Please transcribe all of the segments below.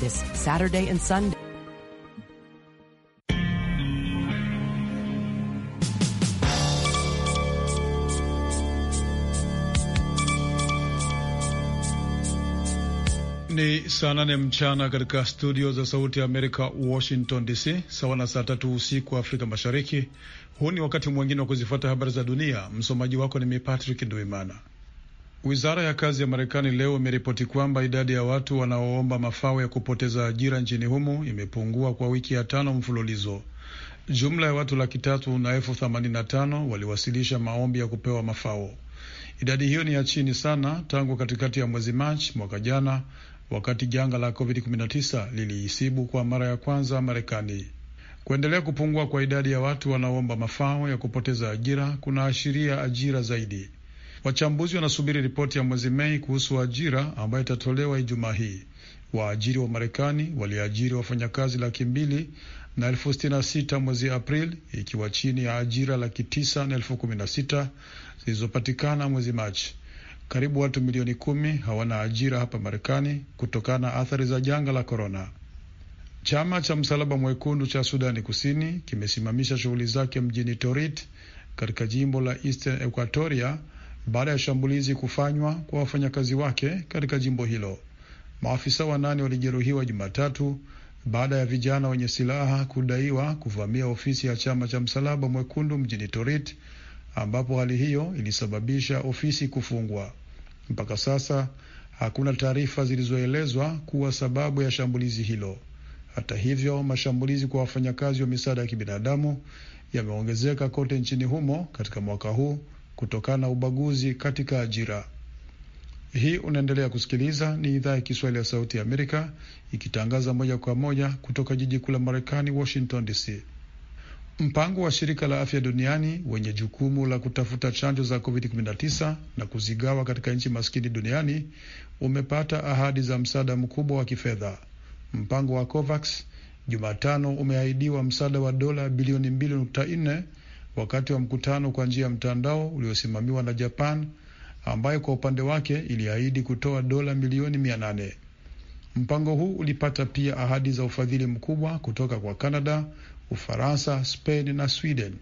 this Saturday and Sunday. Ni saa nane mchana katika studio za Sauti ya Amerika, Washington DC, sawa na saa tatu usiku Afrika Mashariki. Huu ni wakati mwingine wa kuzifuata habari za dunia. Msomaji wako ni mi Patrick Nduimana. Wizara ya kazi ya Marekani leo imeripoti kwamba idadi ya watu wanaoomba mafao ya kupoteza ajira nchini humo imepungua kwa wiki ya tano mfululizo. Jumla ya watu laki tatu na elfu themanini na tano waliwasilisha maombi ya kupewa mafao. Idadi hiyo ni ya chini sana tangu katikati ya mwezi Machi mwaka jana, wakati janga la COVID-19 liliisibu kwa mara ya kwanza Marekani. Kuendelea kupungua kwa idadi ya watu wanaoomba mafao ya kupoteza ajira kunaashiria ajira zaidi Wachambuzi wanasubiri ripoti ya mwezi Mei kuhusu ajira ambayo itatolewa Ijumaa hii. Waajiri wa Marekani waliajiri wafanyakazi laki mbili na elfu sitini na sita mwezi Aprili, ikiwa chini ya ajira laki tisa na elfu kumi na sita zilizopatikana mwezi Machi. Karibu watu milioni kumi hawana ajira hapa Marekani kutokana na athari za janga la korona. Chama cha Msalaba Mwekundu cha Sudani Kusini kimesimamisha shughuli zake mjini Torit katika jimbo la Eastern Equatoria baada ya shambulizi kufanywa kwa wafanyakazi wake katika jimbo hilo. Maafisa wanane walijeruhiwa Jumatatu baada ya vijana wenye silaha kudaiwa kuvamia ofisi ya chama cha Msalaba Mwekundu mjini Torit, ambapo hali hiyo ilisababisha ofisi kufungwa. Mpaka sasa hakuna taarifa zilizoelezwa kuwa sababu ya shambulizi hilo. Hata hivyo, mashambulizi kwa wafanyakazi wa misaada ya kibinadamu yameongezeka kote nchini humo katika mwaka huu kutokana na ubaguzi katika ajira. Hii unaendelea kusikiliza, ni idhaa ya Kiswahili ya Sauti ya Amerika ikitangaza moja kwa moja kutoka jiji kuu la Marekani, Washington DC. Mpango wa Shirika la Afya Duniani wenye jukumu la kutafuta chanjo za COVID-19 na kuzigawa katika nchi maskini duniani umepata ahadi za msaada mkubwa wa kifedha. Mpango wa COVAX Jumatano umeahidiwa msaada wa dola bilioni 2.4 wakati wa mkutano kwa njia ya mtandao uliosimamiwa na Japan ambayo kwa upande wake iliahidi kutoa dola milioni mia nane. Mpango huu ulipata pia ahadi za ufadhili mkubwa kutoka kwa Canada, Ufaransa, Spain na Sweden.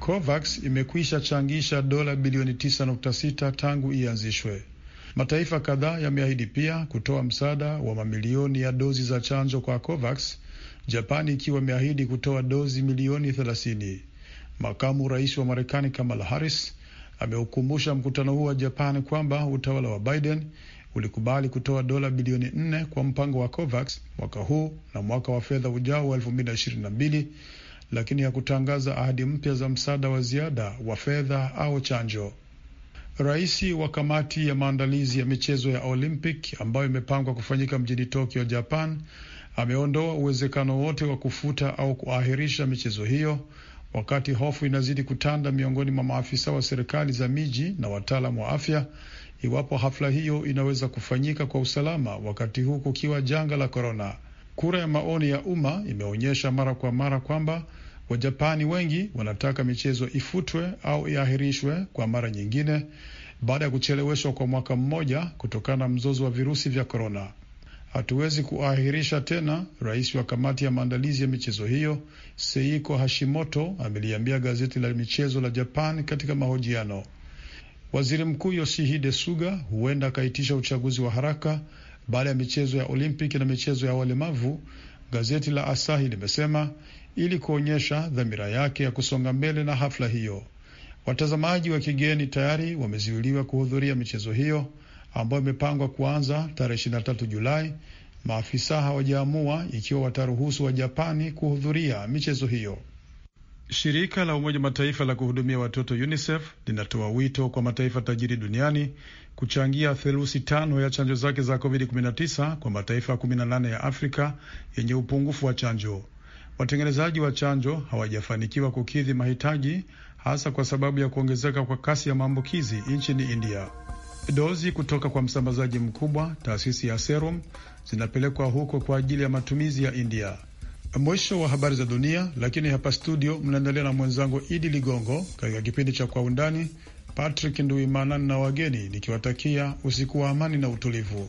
COVAX imekwisha changisha dola bilioni 9.6 tangu ianzishwe. Mataifa kadhaa yameahidi pia kutoa msaada wa mamilioni ya dozi za chanjo kwa COVAX, Japani ikiwa imeahidi kutoa dozi milioni 30. Makamu rais wa Marekani Kamala Harris ameukumbusha mkutano huu wa Japan kwamba utawala wa Biden ulikubali kutoa dola bilioni nne kwa mpango wa COVAX mwaka huu na mwaka wa fedha ujao wa mbili lakini hakutangaza ahadi mpya za msaada wa ziada wa fedha au chanjo. rais wa kamati ya maandalizi ya michezo ya Olympic ambayo imepangwa kufanyika mjini Tokyo, Japan, ameondoa uwezekano wote wa kufuta au kuahirisha michezo hiyo wakati hofu inazidi kutanda miongoni mwa maafisa wa serikali za miji na wataalamu wa afya iwapo hafla hiyo inaweza kufanyika kwa usalama wakati huu kukiwa janga la korona. Kura ya maoni ya umma imeonyesha mara kwa mara kwamba Wajapani wengi wanataka michezo ifutwe au iahirishwe kwa mara nyingine baada ya kucheleweshwa kwa mwaka mmoja kutokana na mzozo wa virusi vya korona. Hatuwezi kuahirisha tena, rais wa kamati ya maandalizi ya michezo hiyo Seiko Hashimoto ameliambia gazeti la michezo la Japan katika mahojiano. Waziri Mkuu Yoshihide Suga huenda akaitisha uchaguzi wa haraka baada ya michezo ya Olimpiki na michezo ya walemavu, gazeti la Asahi limesema ili kuonyesha dhamira yake ya kusonga mbele na hafla hiyo. Watazamaji wa kigeni tayari wamezuiliwa kuhudhuria michezo hiyo ambayo imepangwa kuanza tarehe 23 Julai, maafisa hawajaamua ikiwa wataruhusu wa japani kuhudhuria michezo hiyo. Shirika la Umoja Mataifa la kuhudumia watoto UNICEF linatoa wito kwa mataifa tajiri duniani kuchangia theluthi tano ya chanjo zake za COVID-19 kwa mataifa 18 ya Afrika yenye upungufu wa chanjo. Watengenezaji wa chanjo hawajafanikiwa kukidhi mahitaji, hasa kwa sababu ya kuongezeka kwa kasi ya maambukizi nchini India. Dozi kutoka kwa msambazaji mkubwa, taasisi ya Serum, zinapelekwa huko kwa ajili ya matumizi ya India. Mwisho wa habari za dunia, lakini hapa studio mnaendelea na mwenzangu Idi Ligongo katika kipindi cha Kwa Undani. Patrick Nduimana na wageni nikiwatakia usiku wa amani na utulivu.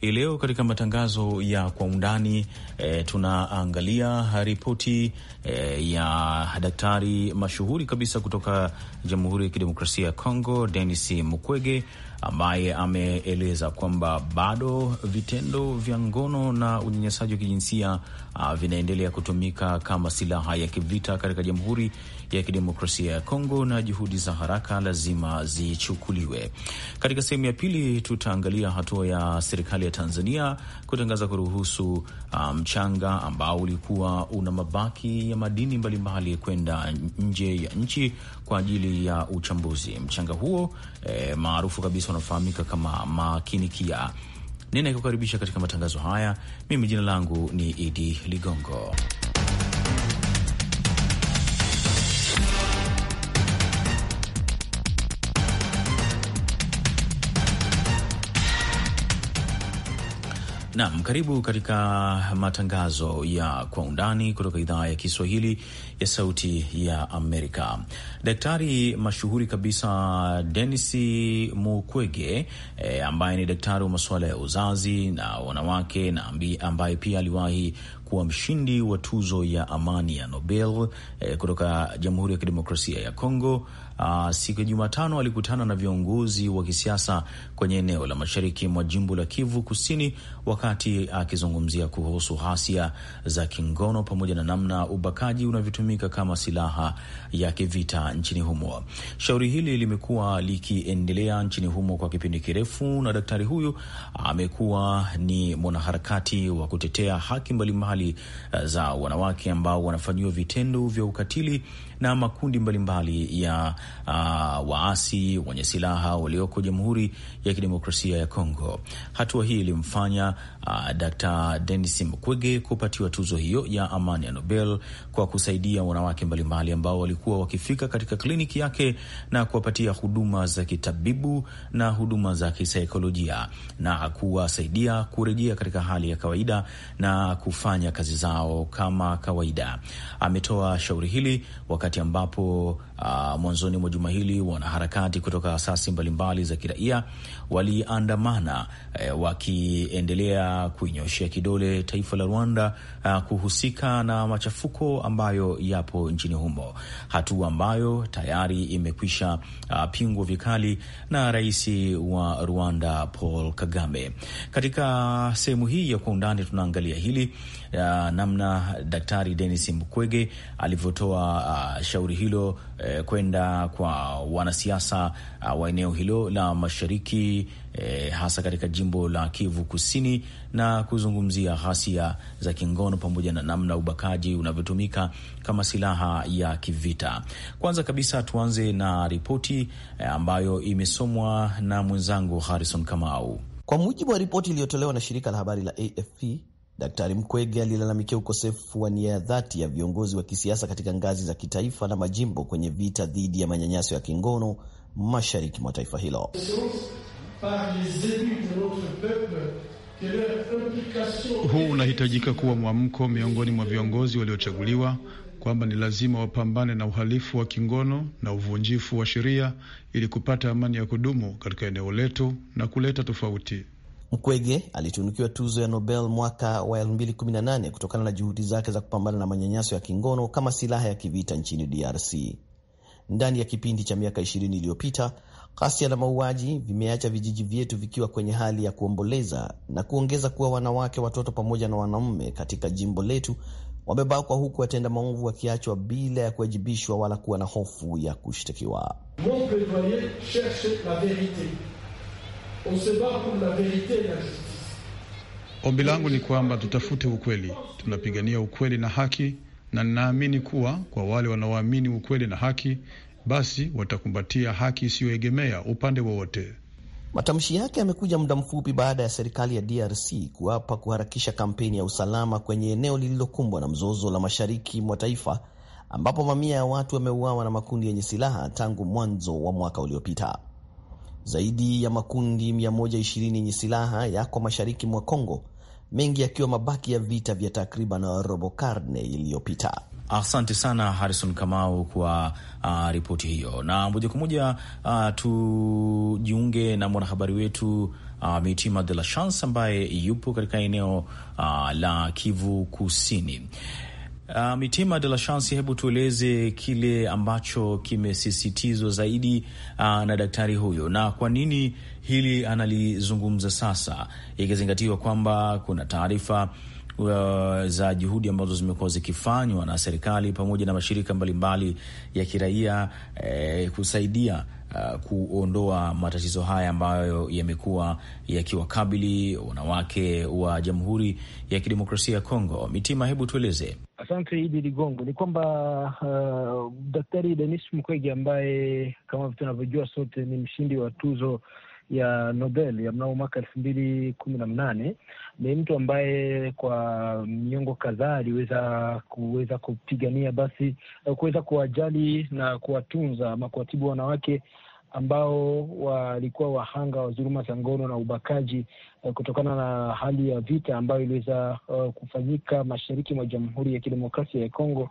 Hii leo katika matangazo ya kwa undani e, tunaangalia ripoti e, ya daktari mashuhuri kabisa kutoka Jamhuri ya Kidemokrasia ya Kongo, Denis Mukwege ambaye ameeleza kwamba bado vitendo vya ngono na unyanyasaji wa kijinsia uh, vinaendelea kutumika kama silaha ya kivita katika Jamhuri ya Kidemokrasia ya Kongo na juhudi za haraka lazima zichukuliwe. Katika sehemu ya pili, tutaangalia hatua ya serikali ya Tanzania kutangaza kuruhusu uh, mchanga um, ambao ulikuwa una mabaki ya madini mbalimbali kwenda nje ya nchi kwa ajili ya uchambuzi. Mchanga huo e, maarufu kabisa unafahamika kama makinikia. Ninayekukaribisha katika matangazo haya, mimi jina langu ni Idi Ligongo. Naam, karibu katika matangazo ya kwa undani kutoka idhaa ya Kiswahili ya Sauti ya Amerika. Daktari mashuhuri kabisa Denis Mukwege e, ambaye ni daktari wa masuala ya uzazi na wanawake na ambaye pia aliwahi kuwa mshindi wa tuzo ya amani ya Nobel e, kutoka Jamhuri ya Kidemokrasia ya Kongo. Uh, siku ya Jumatano alikutana na viongozi wa kisiasa kwenye eneo la mashariki mwa jimbo la Kivu Kusini, wakati akizungumzia kuhusu ghasia za kingono pamoja na namna ubakaji unavyotumia kutumika kama silaha ya kivita nchini humo. Shauri hili limekuwa likiendelea nchini humo kwa kipindi kirefu, na daktari huyu amekuwa ni mwanaharakati wa kutetea haki mbalimbali eh, za wanawake ambao wanafanyiwa vitendo vya ukatili na makundi mbalimbali mbali ya uh, waasi wenye silaha walioko Jamhuri ya Kidemokrasia ya Kongo. Hatua hii ilimfanya uh, Dr. Denis Mukwege kupatiwa tuzo hiyo ya amani ya Nobel kwa kusaidia wanawake mbalimbali ambao walikuwa wakifika katika kliniki yake na kuwapatia huduma za kitabibu na huduma za kisaikolojia na kuwasaidia kurejea katika hali ya kawaida na kufanya kazi zao kama kawaida. Ametoa shauri hili wakati wakati ambapo Uh, mwanzoni mwa juma hili wanaharakati kutoka asasi mbalimbali za kiraia waliandamana eh, wakiendelea kuinyoshea kidole taifa la Rwanda uh, kuhusika na machafuko ambayo yapo nchini humo, hatua ambayo tayari imekwisha uh, pingwa vikali na rais wa Rwanda Paul Kagame. Katika sehemu hii ya kwa undani tunaangalia hili uh, namna Daktari Denis Mukwege alivyotoa uh, shauri hilo e, kwenda kwa wanasiasa a, ah, wa eneo hilo la mashariki e, hasa katika jimbo la Kivu Kusini na kuzungumzia ghasia za kingono pamoja na namna ubakaji unavyotumika kama silaha ya kivita. Kwanza kabisa tuanze na ripoti e, ambayo imesomwa na mwenzangu Harrison Kamau. Kwa mujibu wa ripoti iliyotolewa na shirika la habari la AFP Daktari Mkwege alilalamikia ukosefu wa nia ya dhati ya viongozi wa kisiasa katika ngazi za kitaifa na majimbo kwenye vita dhidi ya manyanyaso ya kingono mashariki mwa taifa hilo. Huu unahitajika kuwa mwamko miongoni mwa viongozi waliochaguliwa kwamba ni lazima wapambane na uhalifu wa kingono na uvunjifu wa sheria ili kupata amani ya kudumu katika eneo letu na kuleta tofauti mkwege alitunukiwa tuzo ya Nobel mwaka wa 2018 kutokana na juhudi zake za kupambana na manyanyaso ya kingono kama silaha ya kivita nchini DRC. Ndani ya kipindi cha miaka 20 iliyopita, ghasia na mauaji vimeacha vijiji vyetu vikiwa kwenye hali ya kuomboleza na kuongeza kuwa wanawake, watoto pamoja na wanaume katika jimbo letu wamebakwa, huku watenda maovu wakiachwa bila ya kuwajibishwa wala kuwa na hofu ya kushtakiwa. Ombi langu ni kwamba tutafute ukweli. Tunapigania ukweli na haki, na ninaamini kuwa kwa wale wanaoamini ukweli na haki, basi watakumbatia haki isiyoegemea upande wowote. Matamshi yake yamekuja muda mfupi baada ya serikali ya DRC kuapa kuharakisha kampeni ya usalama kwenye eneo lililokumbwa na mzozo la mashariki mwa taifa ambapo mamia ya watu wameuawa na makundi yenye silaha tangu mwanzo wa mwaka uliopita. Zaidi ya makundi 120 yenye silaha yako mashariki mwa Kongo, mengi yakiwa mabaki ya vita vya takriban robo karne iliyopita. Asante sana Harrison Kamau kwa uh, ripoti hiyo, na moja kwa moja uh, tujiunge na mwanahabari wetu uh, Mitima de la Chance ambaye yupo katika eneo uh, la Kivu Kusini. Uh, Mitima de la Chance, hebu tueleze kile ambacho kimesisitizwa zaidi uh, na daktari huyo na kwa nini hili analizungumza sasa, ikizingatiwa kwamba kuna taarifa uh, za juhudi ambazo zimekuwa zikifanywa na serikali pamoja na mashirika mbalimbali ya kiraia eh, kusaidia Uh, kuondoa matatizo haya ambayo yamekuwa yakiwakabili wanawake wa Jamhuri ya Kidemokrasia ya Kongo. Mitima, hebu tueleze. Asante Idi Ligongo. Ni kwamba uh, Daktari Denis Mukwege ambaye kama tunavyojua sote ni mshindi wa tuzo ya Nobel ya mnamo mwaka elfu mbili kumi na mnane ni mtu ambaye kwa miongo kadhaa aliweza kuweza kupigania basi eh, kuweza kuwajali na kuwatunza ama kuwatibu wanawake ambao walikuwa wahanga wa dhuluma za ngono na ubakaji eh, kutokana na hali ya vita ambayo iliweza eh, kufanyika mashariki mwa Jamhuri ya Kidemokrasia ya Kongo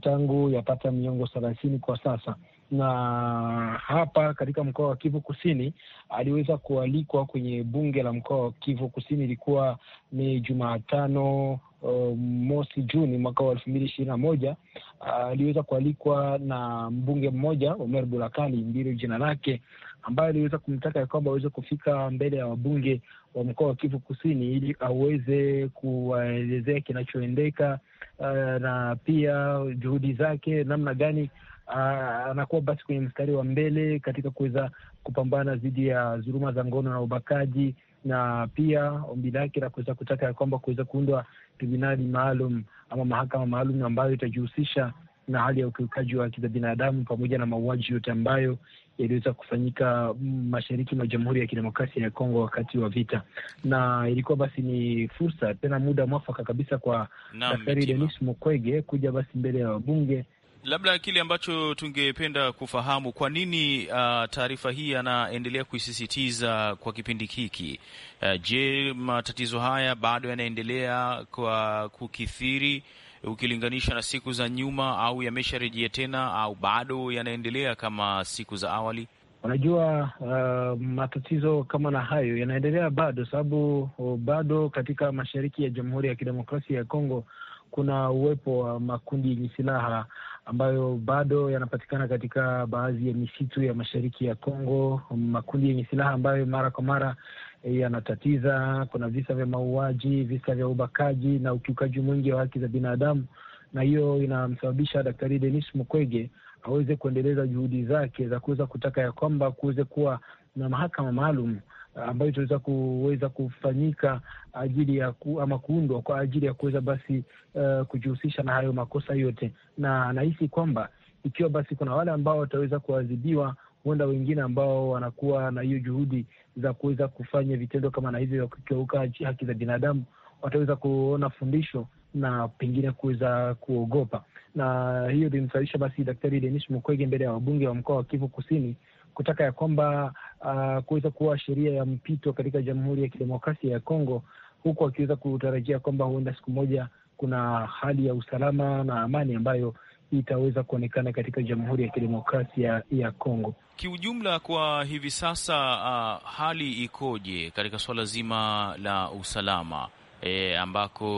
tangu yapata miongo thelathini kwa sasa na hapa katika mkoa wa Kivu Kusini aliweza kualikwa kwenye bunge la mkoa wa Kivu Kusini. Ilikuwa ni Jumatano uh, mosi Juni mwaka wa elfu mbili ishirini na moja. Uh, aliweza kualikwa na mbunge mmoja Omer Bulakali ndilo jina lake, ambaye aliweza kumtaka ya kwamba aweze kufika mbele ya wabunge wa mkoa wa Kivu Kusini ili aweze kuwaelezea kinachoendeka uh, na pia juhudi zake namna gani Ah, anakuwa basi kwenye mstari wa mbele katika kuweza kupambana dhidi ya dhuluma za ngono na ubakaji, na pia ombi lake la kuweza kutaka ya kwamba kuweza kuundwa tribunali maalum ama mahakama maalum ambayo itajihusisha na hali ya ukiukaji wa haki za binadamu pamoja na mauaji yote ambayo yaliweza kufanyika mashariki mwa Jamhuri ya Kidemokrasia ya Kongo wakati wa vita, na ilikuwa basi ni fursa tena muda mwafaka kabisa kwa Daktari Denis Mukwege kuja basi mbele ya wabunge Labda kile ambacho tungependa kufahamu kwa nini uh, taarifa hii anaendelea kuisisitiza kwa kipindi hiki uh, je, matatizo haya bado yanaendelea kwa kukithiri ukilinganisha na siku za nyuma, au yamesharejea tena, au bado yanaendelea kama siku za awali? Unajua, uh, matatizo kama na hayo yanaendelea bado, sababu uh, bado katika mashariki ya Jamhuri ya Kidemokrasia ya Kongo kuna uwepo wa makundi yenye silaha ambayo bado yanapatikana katika baadhi ya misitu ya mashariki ya Kongo, makundi yenye silaha ambayo mara kwa mara yanatatiza. Kuna visa vya mauaji, visa vya ubakaji na ukiukaji mwingi wa haki za binadamu, na hiyo inamsababisha Daktari Denis Mukwege aweze kuendeleza juhudi zake za kuweza kutaka ya kwamba kuweze kuwa na mahakama maalum ambayo itaweza kuweza kufanyika ajili ya ku, ama kuundwa kwa ajili ya kuweza basi uh, kujihusisha na hayo makosa yote, na nahisi kwamba ikiwa basi kuna wale ambao wataweza kuadhibiwa huenda wengine ambao wanakuwa na hiyo juhudi za kuweza kufanya vitendo kama na hivyo vya kukiuka haki za binadamu wataweza kuona fundisho na pengine kuweza kuogopa, na hiyo ilimsababisha basi Daktari Denis Mukwege mbele ya wabunge wa mkoa wa Kivu Kusini kutaka ya kwamba uh, kuweza kuwa sheria ya mpito katika Jamhuri ya Kidemokrasia ya Kongo, huku akiweza kutarajia kwamba huenda siku moja kuna hali ya usalama na amani ambayo itaweza kuonekana katika Jamhuri ya Kidemokrasia ya Kongo kiujumla. Kwa hivi sasa uh, hali ikoje katika suala zima la usalama e, ambako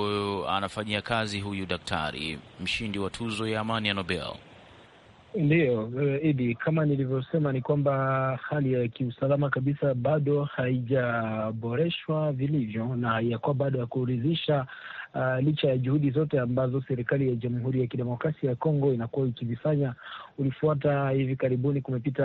anafanyia kazi huyu daktari mshindi wa tuzo ya amani ya Nobel? Ndiyo Idi, kama nilivyosema ni kwamba hali ya kiusalama kabisa bado haijaboreshwa vilivyo na haiyakuwa bado ya kuridhisha, uh, licha ya juhudi zote ambazo serikali ya Jamhuri ya Kidemokrasia ya Kongo inakuwa ikizifanya. Ulifuata hivi karibuni, kumepita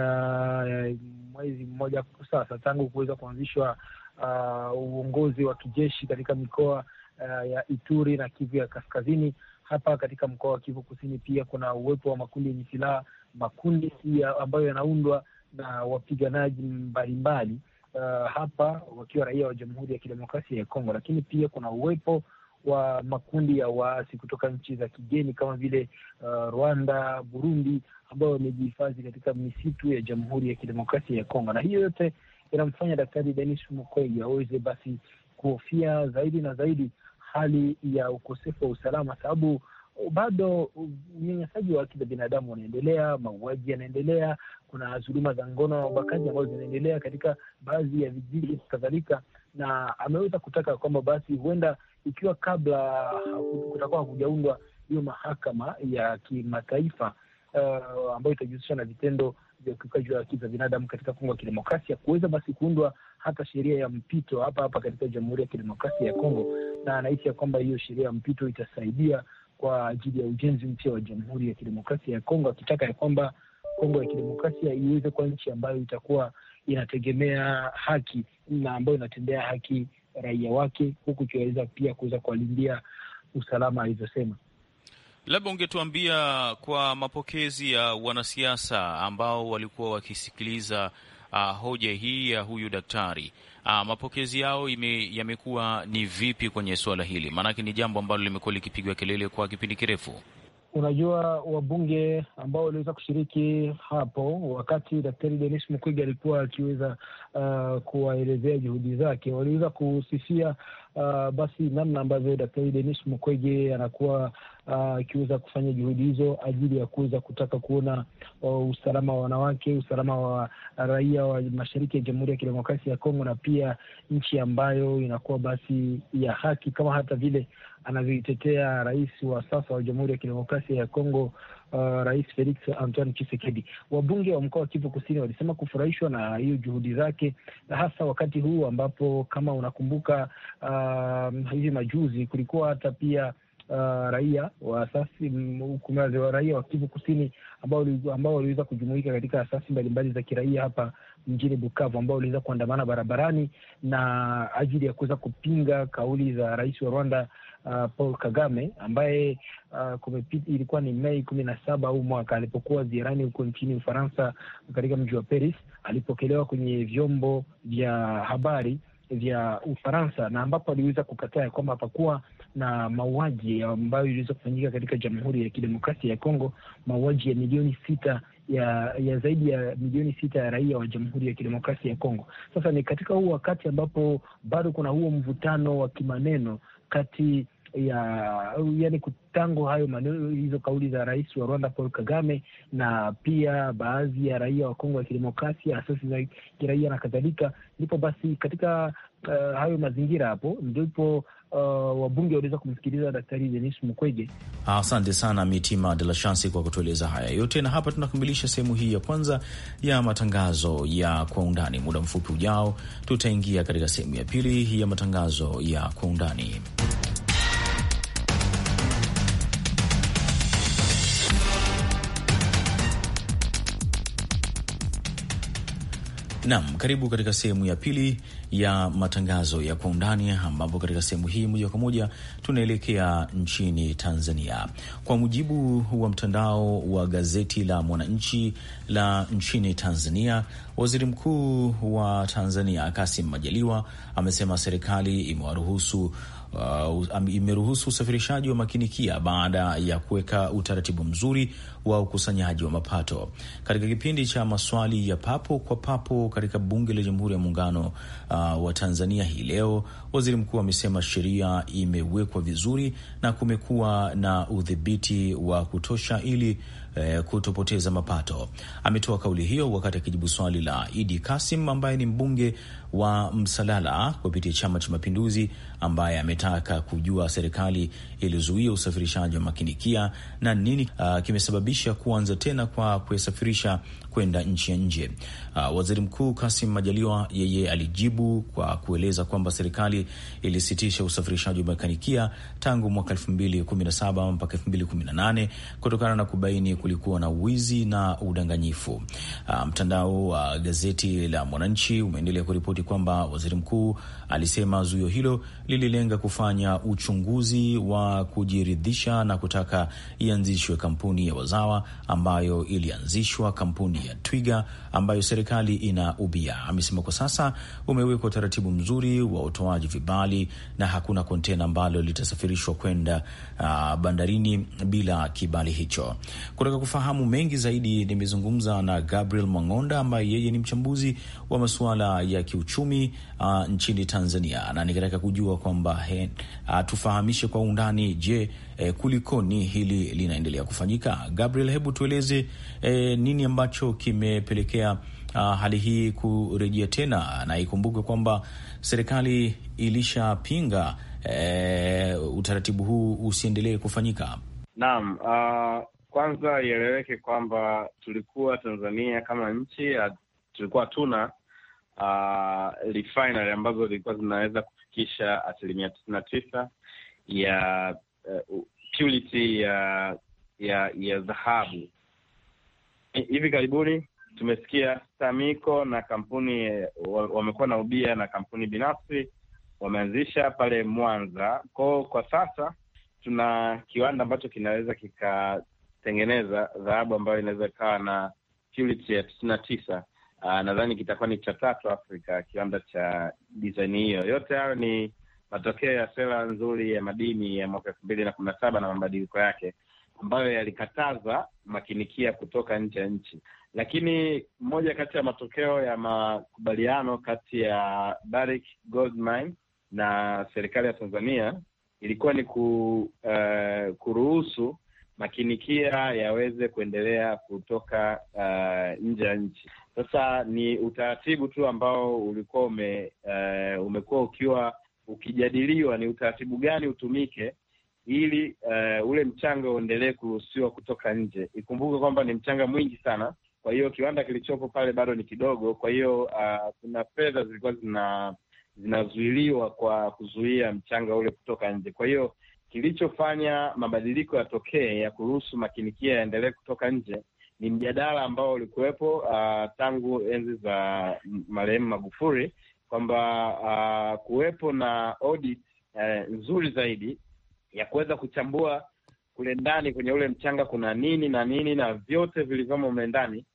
uh, mwezi mmoja sasa tangu kuweza kuanzishwa uh, uongozi wa kijeshi katika mikoa uh, ya Ituri na Kivu ya Kaskazini hapa katika mkoa wa Kivu Kusini pia kuna uwepo wa makundi yenye silaha, makundi ya ambayo yanaundwa na wapiganaji mbalimbali uh, hapa wakiwa raia wa Jamhuri ya Kidemokrasia ya Kongo, lakini pia kuna uwepo wa makundi ya waasi kutoka nchi za kigeni kama vile uh, Rwanda, Burundi ambayo wamejihifadhi katika misitu ya Jamhuri ya Kidemokrasia ya Kongo, na hiyo yote inamfanya Daktari Denis Mukwege aweze basi kuhofia zaidi na zaidi hali ya ukosefu wa usalama, sababu bado unyanyasaji wa haki za binadamu unaendelea, mauaji yanaendelea, kuna dhuluma za ngono na ubakaji ambazo zinaendelea katika baadhi ya vijiji kadhalika, na ameweza kutaka kwamba basi huenda ikiwa kabla kutakuwa hakujaundwa hiyo mahakama ya kimataifa uh, ambayo itajihusisha na vitendo vya ukiukaji wa haki za binadamu katika Kongo ya Kidemokrasia, kuweza basi kuundwa hata sheria ya mpito hapa hapa katika Jamhuri ya Kidemokrasia ya Kongo, na anahisi ya kwamba hiyo sheria ya mpito itasaidia kwa ajili ya ujenzi mpya wa Jamhuri ya Kidemokrasia ya Kongo, akitaka ya kwamba Kongo ya Kidemokrasia iweze kuwa nchi ambayo itakuwa inategemea haki na ambayo inatendea haki raia wake, huku ikiweza pia kuweza kuwalindia usalama alivyosema. Labda ungetuambia kwa mapokezi ya wanasiasa ambao walikuwa wakisikiliza uh, hoja hii ya huyu daktari uh, mapokezi yao yamekuwa ni vipi kwenye suala hili? Maanake ni jambo ambalo limekuwa likipigwa kelele kwa kipindi kirefu. Unajua, wabunge ambao waliweza kushiriki hapo wakati Daktari Denis Mukwege alikuwa akiweza uh, kuwaelezea juhudi zake, waliweza kusifia uh, basi namna ambavyo Daktari Denis Mukwege anakuwa uh, akiweza uh, kufanya juhudi hizo ajili ya kuweza kutaka kuona uh, usalama wa wanawake, usalama wa raia wa mashariki ya Jamhuri ya Kidemokrasia ya Kongo, na pia nchi ambayo inakuwa basi ya haki kama hata vile anavyoitetea rais wa sasa wa Jamhuri ya Kidemokrasia ya Kongo, uh, Rais Felix Antoine chisekedi Wabunge wa mkoa wa Kivu Kusini walisema kufurahishwa na hiyo juhudi zake, hasa wakati huu ambapo kama unakumbuka, uh, hivi majuzi kulikuwa hata pia Uh, raia wa asasi kumradhi, wa raia wa Kivu Kusini ambao ambao waliweza kujumuika katika asasi mbalimbali za kiraia hapa mjini Bukavu, ambao waliweza kuandamana barabarani na ajili ya kuweza kupinga kauli za rais wa Rwanda uh, Paul Kagame ambaye uh, kumepita, ilikuwa ni Mei kumi na saba au mwaka alipokuwa ziarani huko nchini Ufaransa katika mji wa Paris, alipokelewa kwenye vyombo vya habari vya Ufaransa na ambapo aliweza kukataa ya kwamba hapakuwa na mauaji ambayo iliweza kufanyika katika Jamhuri ya Kidemokrasia ya Kongo, mauaji ya milioni sita ya ya zaidi ya milioni sita ya raia wa Jamhuri ya Kidemokrasia ya Kongo. Sasa ni katika huu wakati ambapo bado kuna huo mvutano wa kimaneno kati ya yani tangu hayo maneno hizo kauli za rais wa Rwanda Paul Kagame na pia baadhi ya raia wa Kongo ya kidemokrasia, asasi za kiraia na kadhalika, ndipo basi katika uh, hayo mazingira hapo ndipo Uh, wabunge waliweza kumsikiliza Daktari Denis Mukwege. Asante sana Mitima de la Chance kwa kutueleza haya yote, na hapa tunakamilisha sehemu hii ya kwanza ya matangazo ya kwa undani. Muda mfupi ujao, tutaingia katika sehemu ya pili ya matangazo ya kwa undani. Naam, karibu katika sehemu ya pili ya matangazo ya kwa undani, ambapo katika sehemu hii moja kwa moja tunaelekea nchini Tanzania. Kwa mujibu wa mtandao wa gazeti la Mwananchi la nchini Tanzania, waziri mkuu wa Tanzania Kasim Majaliwa amesema serikali imewaruhusu uh, imeruhusu usafirishaji wa makinikia baada ya kuweka utaratibu mzuri wa ukusanyaji wa mapato. Katika kipindi cha maswali ya papo kwa papo katika bunge la Jamhuri ya Muungano uh, wa Tanzania hii leo, waziri mkuu amesema sheria imewekwa vizuri na kumekuwa na udhibiti wa kutosha ili eh, kutopoteza mapato. Ametoa kauli hiyo wakati akijibu swali la Idi Kasim ambaye ni mbunge wa Msalala kupitia Chama cha Mapinduzi, ambaye ametaka kujua serikali ilizuia usafirishaji wa makinikia na nini uh, kimesababisha kuanza tena kwa kuyasafirisha kwenda nchi ya nje. Uh, waziri mkuu Kasim Majaliwa yeye alijibu kwa kueleza kwamba serikali ilisitisha usafirishaji wa makinikia tangu mwaka elfu mbili kumi na saba mpaka elfu mbili kumi na nane kutokana na kubaini kulikuwa na wizi na udanganyifu. Ah, mtandao wa uh, gazeti la Mwananchi umeendelea kuripoti kwamba waziri mkuu alisema zuio hilo lililenga kufanya uchunguzi wa kujiridhisha na kutaka ianzishwe kampuni ya Wazawa ambayo ilianzishwa, kampuni ya Twiga ambayo serikali ina ubia. Amesema kwa sasa umewekwa utaratibu mzuri wa utoaji vibali na hakuna kontena ambalo litasafirishwa kwenda uh, bandarini bila kibali hicho. Kutoka kutaka kufahamu mengi zaidi nimezungumza na Gabriel Mang'onda ambaye yeye ni mchambuzi wa masuala ya kiuchumi uh, nchini Tanzania, na nikitaka kujua kwamba uh, tufahamishe kwa undani, je, eh, kulikoni hili linaendelea kufanyika? Gabriel, hebu tueleze eh, nini ambacho kimepelekea Uh, hali hii kurejea tena, na ikumbuke kwamba serikali ilishapinga eh, utaratibu huu usiendelee kufanyika. Naam, uh, kwanza ieleweke kwamba tulikuwa Tanzania kama nchi ah, tulikuwa tuna uh, ah, refinery ambazo zilikuwa zinaweza kufikisha asilimia tisini na tisa ya uh, purity ya ya ya dhahabu. Hivi karibuni tumesikia Samiko na kampuni eh, wamekuwa na ubia na kampuni binafsi wameanzisha pale Mwanza kwao. Kwa sasa tuna kiwanda ambacho kinaweza kika kutengeneza dhahabu ambayo inaweza ikawa na purity ya tisini na tisa. Uh, nadhani kitakuwa ni cha tatu Afrika kiwanda cha design hiyo. Yote hayo ni matokeo ya sera nzuri ya madini ya mwaka elfu mbili na kumi na saba na mabadiliko yake ambayo yalikataza makinikia kutoka nje ya nchi. Lakini moja kati ya matokeo ya makubaliano kati ya Barrick Gold Mine na serikali ya Tanzania ilikuwa ni ku, uh, kuruhusu makinikia yaweze kuendelea kutoka uh, nje ya nchi. Sasa ni utaratibu tu ambao ulikuwa ume, uh, umekuwa ukiwa ukijadiliwa ni utaratibu gani utumike ili uh, ule mchanga uendelee kuruhusiwa kutoka nje. Ikumbuke kwamba ni mchanga mwingi sana, kwa hiyo kiwanda kilichopo pale bado ni kidogo. Kwa hiyo uh, kuna fedha zilikuwa zina zinazuiliwa kwa kuzuia mchanga ule kutoka nje. Kwa hiyo Kilichofanya mabadiliko yatokee ya kuruhusu makinikia yaendelee kutoka nje ni mjadala ambao ulikuwepo uh, tangu enzi za marehemu Magufuli kwamba uh, kuwepo na audit uh, nzuri zaidi ya kuweza kuchambua kule ndani kwenye ule mchanga kuna nini na nini na vyote vilivyomo mle ndani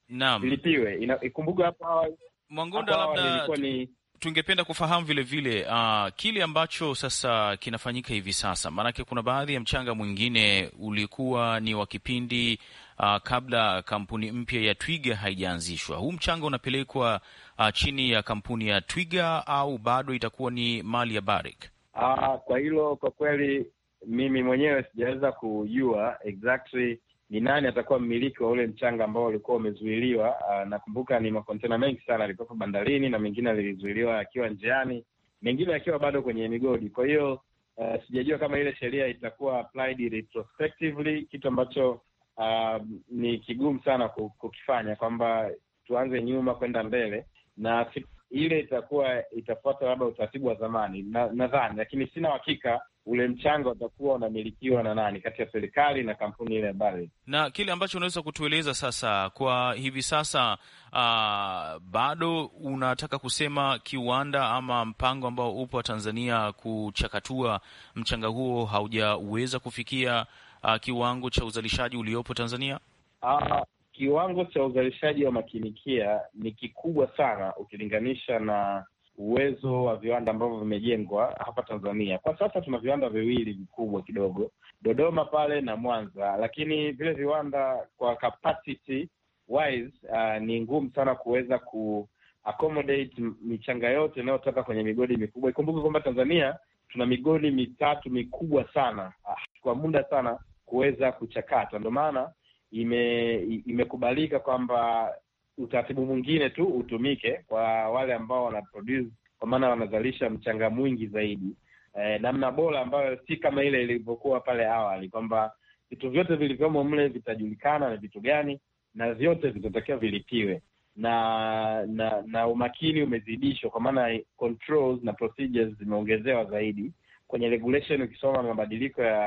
vilipiwe. Ikumbuka hapo awali Mwangunda, labda ni tungependa kufahamu vilevile uh, kile ambacho sasa kinafanyika hivi sasa, maanake kuna baadhi ya mchanga mwingine ulikuwa ni wa kipindi uh, kabla kampuni mpya ya Twiga haijaanzishwa. Huu mchanga unapelekwa uh, chini ya kampuni ya Twiga au bado itakuwa ni mali ya Barrick? Uh, kwa hilo kwa kweli mimi mwenyewe sijaweza kujua exactly ni nani atakuwa mmiliki wa ule mchanga ambao ulikuwa umezuiliwa. Ah, nakumbuka ni makontena mengi sana yalikuwepo bandarini na mengine yalizuiliwa yakiwa njiani, mengine yakiwa bado kwenye migodi. Kwa hiyo uh, sijajua kama ile sheria itakuwa applied retrospectively, kitu ambacho uh, ni kigumu sana kukifanya kwamba tuanze nyuma kwenda mbele, na ile itakuwa itafuata labda utaratibu wa zamani nadhani na, lakini sina uhakika ule mchanga utakuwa unamilikiwa na nani kati ya serikali na kampuni ile ambayo Na kile ambacho unaweza kutueleza sasa kwa hivi sasa, uh, bado unataka kusema kiwanda ama mpango ambao upo Tanzania kuchakatua mchanga huo haujaweza kufikia uh, kiwango cha uzalishaji uliopo Tanzania? Uh, kiwango cha uzalishaji wa makinikia ni kikubwa sana ukilinganisha na uwezo wa viwanda ambavyo vimejengwa hapa Tanzania. Kwa sasa tuna viwanda viwili vikubwa kidogo, Dodoma pale na Mwanza, lakini vile viwanda kwa capacity wise uh, ni ngumu sana kuweza ku accommodate michanga yote inayotoka kwenye migodi mikubwa. Ikumbuke kwamba Tanzania tuna migodi mitatu mikubwa sana ah, kwa muda sana kuweza kuchakata, ndio maana ime- imekubalika kwamba utaratibu mwingine tu utumike kwa wale ambao wana kwa maana wanazalisha mchanga mwingi zaidi, eh, namna bora ambayo si kama ile ilivyokuwa pale awali, kwamba vitu vyote vilivyomo mle vitajulikana na vitu gani, na vyote vitatakiwa vilipiwe na na na umakini umezidishwa, kwa maana controls na procedures zimeongezewa zaidi kwenye regulation. Ukisoma mabadiliko ya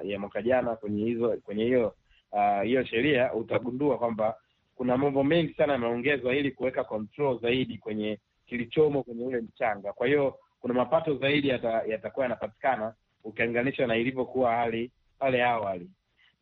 ya mwaka jana kwenye hizo kwenye hiyo uh, hiyo uh, sheria utagundua kwamba kuna mambo mengi sana yameongezwa ili kuweka control zaidi kwenye kilichomo kwenye ule mchanga. Kwa hiyo kuna mapato zaidi yatakuwa yanapatikana ukilinganisha na ilivyokuwa hali pale awali.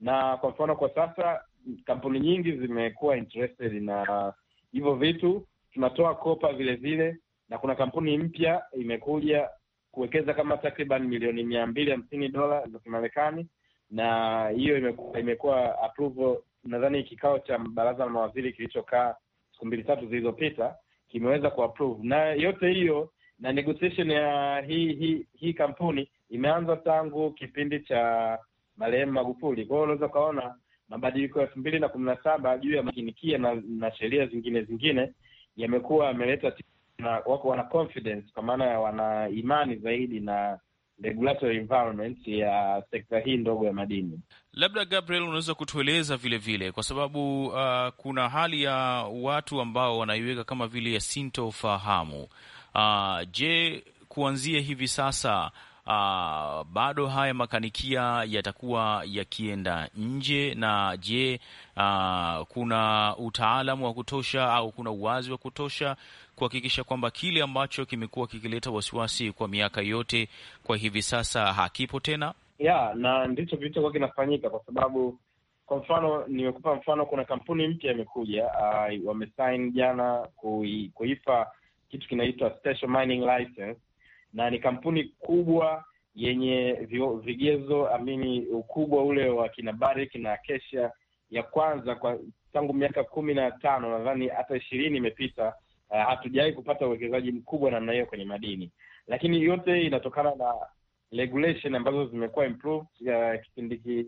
Na kwa mfano, kwa sasa kampuni nyingi zimekuwa interested na hivyo vitu, tunatoa kopa vile vile, na kuna kampuni mpya imekuja kuwekeza kama takriban milioni mia mbili hamsini dola za Kimarekani, na hiyo imekuwa imekuwa approval nadhani kikao cha baraza la mawaziri kilichokaa siku mbili tatu zilizopita kimeweza kuapprove na yote hiyo, na negotiation ya hii hi, hi kampuni imeanza tangu kipindi cha marehemu Magufuli. Kwa hiyo unaweza ukaona mabadiliko ya elfu mbili na kumi na saba juu ya makinikia na, na sheria zingine zingine yamekuwa yameleta na wako wana confidence kwa maana ya wana imani zaidi na regulatory environment ya sekta hii ndogo ya madini. Labda Gabriel, unaweza kutueleza vile vile, kwa sababu uh, kuna hali ya watu ambao wanaiweka kama vile ya sintofahamu. Uh, je, kuanzia hivi sasa Uh, bado haya makanikia yatakuwa yakienda nje na je, uh, kuna utaalamu wa kutosha au kuna uwazi wa kutosha kuhakikisha kwamba kile ambacho kimekuwa kikileta wasiwasi kwa miaka yote kwa hivi sasa hakipo tena? Yeah, na ndicho kilichokuwa kinafanyika kwa sababu kwa mfano nimekupa mfano, kuna kampuni mpya imekuja, uh, wamesign jana kuifa kuipa kitu kinaitwa special mining license, na ni kampuni kubwa yenye vigezo amini, ukubwa ule wa kina Barrick na Acacia ya kwanza kwa tangu miaka kumi na tano nadhani hata ishirini imepita Eh, hatujawahi kupata uwekezaji mkubwa namna hiyo kwenye madini, lakini yote inatokana na regulation ambazo zimekuwa improved uh, kipindi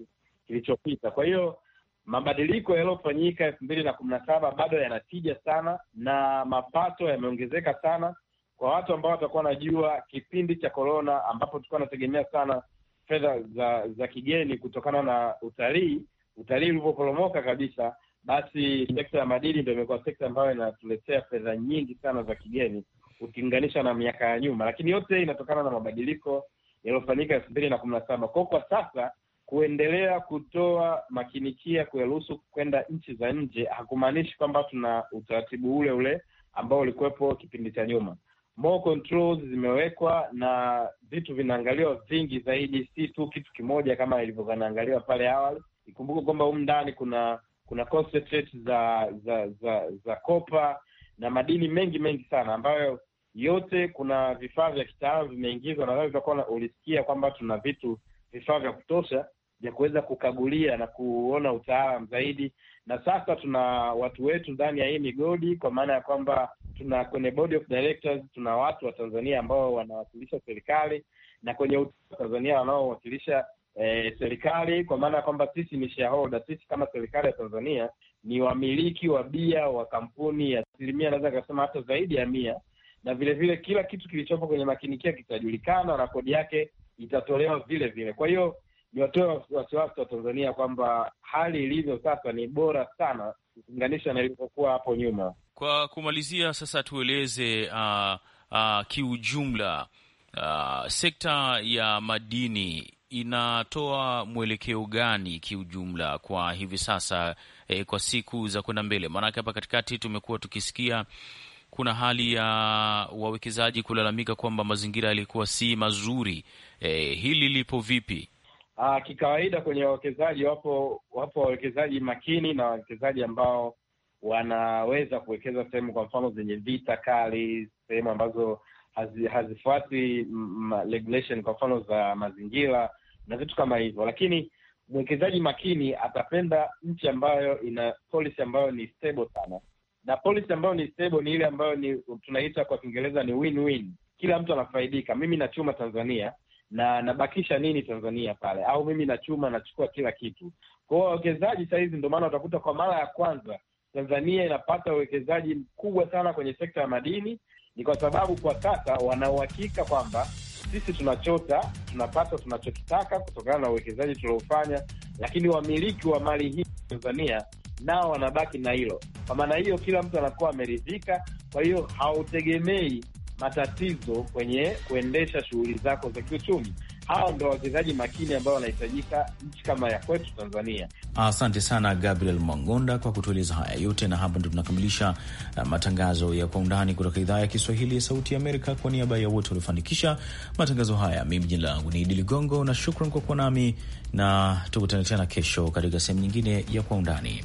kilichopita. Kwa hiyo mabadiliko yaliyofanyika elfu mbili na kumi na saba bado yanatija sana na mapato yameongezeka sana kwa watu ambao watakuwa wanajua kipindi cha korona ambapo tulikuwa wanategemea sana fedha za za kigeni kutokana na utalii, utalii ulivyoporomoka kabisa, basi sekta ya madini ndo imekuwa sekta ambayo inatuletea fedha nyingi sana za kigeni ukilinganisha na miaka ya nyuma, lakini yote inatokana na mabadiliko yaliyofanyika elfu mbili na kumi na saba kwao. Kwa sasa kuendelea kutoa makinikia kuyaruhusu kwenda nchi za nje hakumaanishi kwamba tuna utaratibu ule ule ambao ulikuwepo kipindi cha nyuma. More controls zimewekwa na vitu vinaangaliwa vingi zaidi, si tu kitu kimoja kama ilivyokuwa inaangaliwa pale awali. Ikumbuke kwamba humu ndani kuna kuna concentrate za za za za kopa na madini mengi mengi sana ambayo yote kuna vifaa vya kitaalamu vimeingizwa. Nadhani utakuwa ulisikia kwamba tuna vitu vifaa vya kutosha vya kuweza kukagulia na kuona utaalam zaidi, na sasa tuna watu wetu ndani ya hii migodi, kwa maana ya kwamba tuna kwenye board of directors tuna watu wa Tanzania ambao wanawakilisha serikali na kwenye Tanzania wanaowakilisha e, serikali kwa maana ya kwamba sisi ni shareholder, sisi kama serikali ya Tanzania ni wamiliki wa bia wa kampuni ya asilimia, naweza kasema hata zaidi ya mia, na vilevile vile kila kitu kilichopo kwenye makinikia kitajulikana na kodi yake itatolewa vile vile. Kwa hiyo niwatoe wasiwasi wa Tanzania kwamba hali ilivyo sasa ni bora sana ukilinganisha na ilivyokuwa hapo nyuma. Kwa kumalizia sasa, tueleze uh, uh, kiujumla uh, sekta ya madini inatoa mwelekeo gani kiujumla kwa hivi sasa e, kwa siku za kwenda mbele? Maanake hapa katikati tumekuwa tukisikia kuna hali ya wawekezaji kulalamika kwamba mazingira yalikuwa si mazuri. E, hili lipo vipi? Aa, ah, kikawaida kwenye wawekezaji wapo wapo wawekezaji makini na wawekezaji ambao wanaweza kuwekeza sehemu, kwa mfano, zenye vita kali, sehemu ambazo hazi, hazifuati regulation kwa mfano za mazingira na vitu kama hivyo, lakini mwekezaji makini atapenda nchi ambayo ina policy ambayo ni stable sana, na policy ambayo ni stable ni ile ambayo ni tunaita kwa Kiingereza ni win-win. Kila mtu anafaidika. Mimi nachuma Tanzania na nabakisha nini Tanzania pale, au mimi nachuma nachukua kila kitu. Kwa hiyo wawekezaji sahizi, ndio maana utakuta kwa mara ya kwanza Tanzania inapata uwekezaji mkubwa sana kwenye sekta ya madini ni kwa sababu kwa sasa wanauhakika kwamba sisi tunachota, tunapata tunachokitaka kutokana na uwekezaji tuliofanya, lakini wamiliki wa mali hii Tanzania nao wanabaki na hilo. Kwa maana hiyo, kila mtu anakuwa ameridhika. Kwa hiyo hautegemei matatizo kwenye kuendesha shughuli zako za kiuchumi hawa ndo wachezaji makini ambao wanahitajika nchi kama ya kwetu Tanzania. Asante sana Gabriel Mwangonda kwa kutueleza haya yote, na hapa ndo tunakamilisha uh, matangazo ya Kwa Undani kutoka idhaa ya Kiswahili ya Sauti ya Amerika. Kwa niaba ya wote waliofanikisha matangazo haya, mimi jina langu ni Idi Ligongo na shukran kwa kuwa nami, na tukutane tena kesho katika sehemu nyingine ya Kwa Undani.